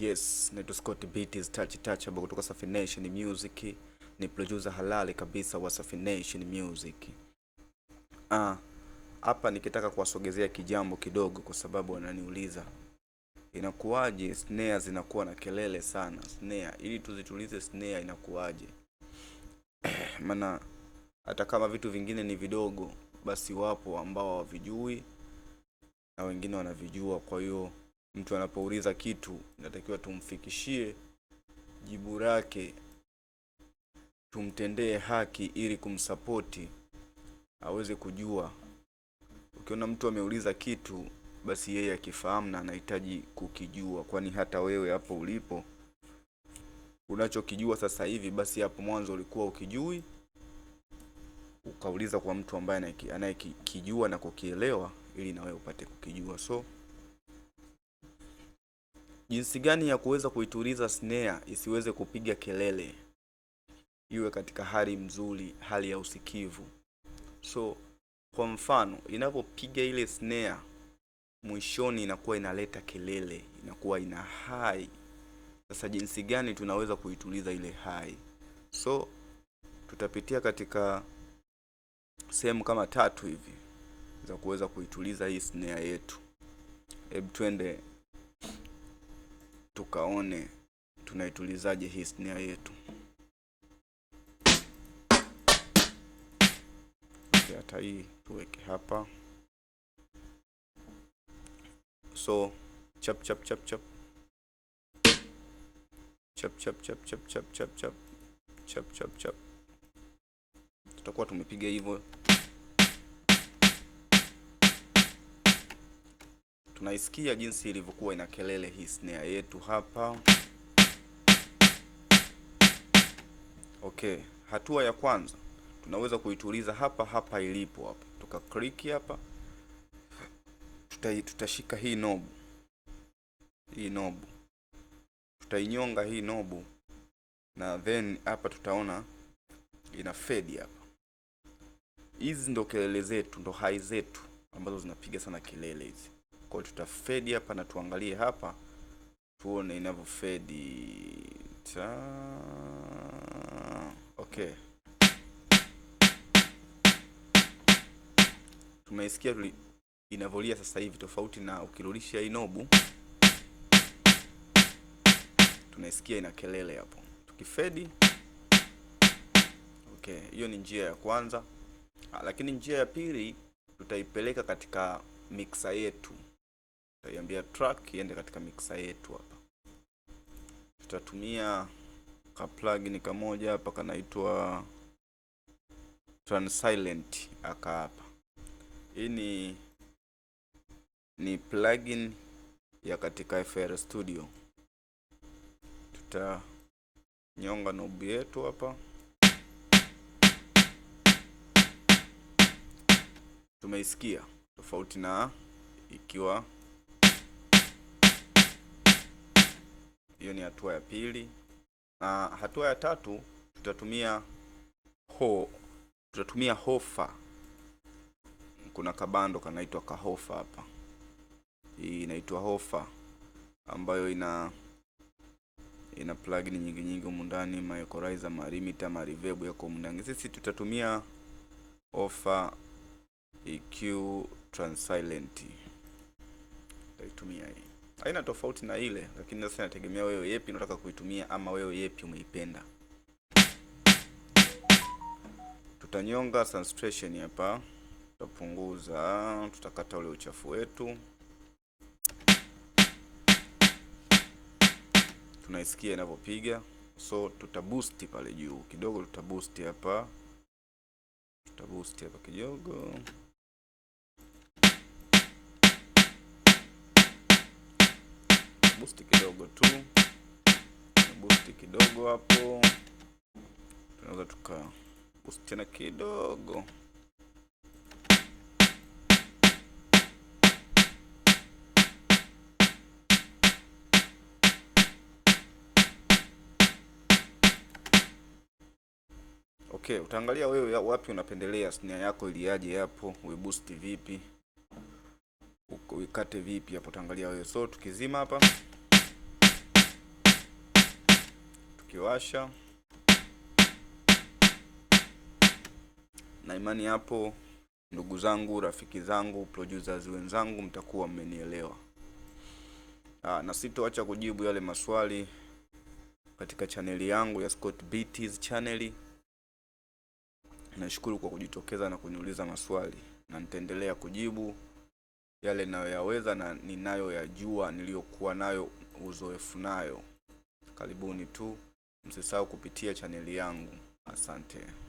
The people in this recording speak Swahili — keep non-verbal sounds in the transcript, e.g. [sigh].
Yes, naitwa Scott Beatz Touch Touch ambao kutoka Safi Nation Music, ni producer halali kabisa wa Safi Nation Music. Ah, hapa nikitaka kuwasogezea kijambo kidogo, kwa sababu wananiuliza inakuwaje snare zinakuwa na kelele sana snare, ili tuzitulize snare inakuwaje? [clears throat] Maana hata kama vitu vingine ni vidogo, basi wapo ambao hawavijui na wengine wanavijua, kwa hiyo mtu anapouliza kitu inatakiwa tumfikishie jibu lake, tumtendee haki ili kumsapoti aweze kujua. Ukiona mtu ameuliza kitu, basi yeye akifahamu na anahitaji kukijua, kwani hata wewe hapo ulipo unachokijua sasa hivi, basi hapo mwanzo ulikuwa ukijui, ukauliza kwa mtu ambaye anayekijua na kukielewa, ili na wewe upate kukijua so Jinsi gani ya kuweza kuituliza snare isiweze kupiga kelele, iwe katika hali mzuri, hali ya usikivu. So kwa mfano, inapopiga ile snare mwishoni, inakuwa inaleta kelele, inakuwa ina hai. Sasa jinsi gani tunaweza kuituliza ile hai? So tutapitia katika sehemu kama tatu hivi za kuweza kuituliza hii snare yetu. Hebu twende tukaone tunaitulizaje hisnia yetu. Hata hii tuweke hapa, so chap chap chap chap chap chap chap chap chap chap chap chap chap, tutakuwa tumepiga hivyo. tunaisikia jinsi ilivyokuwa ina kelele hii snare yetu hapa. Okay, hatua ya kwanza tunaweza kuituliza hapa hapa ilipo hapa, tuka click hapa, tuta tutashika hii nobu, hii nobu tutainyonga hii nobu, na then hapa tutaona ina fade hapa. Hizi ndo kelele zetu, ndo hai zetu ambazo zinapiga sana kelele hizi. Kwa tuta tutafedi hapa na tuangalie hapa tuone inavyofedi ta okay. Tumeisikia inavolia sasa hivi, tofauti na ukirudisha inobu tunaisikia ina kelele hapo tukifedi. Okay, hiyo ni njia ya kwanza, ah, lakini njia ya pili tutaipeleka katika miksa yetu tutaiambia track iende katika mixer yetu hapa. Tutatumia ka plugin kamoja hapa kanaitwa Transilent aka hapa. Hii ni ni plugin ya katika FL Studio. Tutanyonga nobu yetu hapa. Tumeisikia tofauti na ikiwa Hiyo ni hatua ya pili, na hatua ya tatu tutatumia ho, tutatumia hofa. Kuna kabando kanaitwa kahofa hapa, hii inaitwa hofa ambayo ina ina plugin nyingi nyingi humu ndani, ma equalizer, ma limiter, reverb yako humu ndani. Sisi tutatumia hofa EQ Transilent, tutaitumia hii haina tofauti na ile, lakini sasa inategemea wewe yepi unataka kuitumia ama wewe yepi umeipenda. Tutanyonga saturation hapa, tutapunguza, tutakata ule uchafu wetu. Tunaisikia inavyopiga, so tutaboost pale juu kidogo, tutaboost hapa, tutaboost hapa kidogo. boost kidogo tu, boost kidogo hapo. Tunaweza tuka boost tena kidogo Okay, utaangalia wewe wapi unapendelea snia yako iliaje hapo, uiboost vipi? uikate vipi hapo, utaangalia wewe. So tukizima hapa, tukiwasha na imani hapo, ndugu zangu, rafiki zangu, producers wenzangu, mtakuwa mmenielewa. Aa, ah, na sitoacha kujibu yale maswali katika chaneli yangu ya Scott Beatz chaneli. Nashukuru kwa kujitokeza na kuniuliza maswali na nitaendelea kujibu yale ninayoyaweza na ninayoyajua niliyokuwa nayo uzoefu nayo. Karibuni tu, msisahau kupitia chaneli yangu. Asante.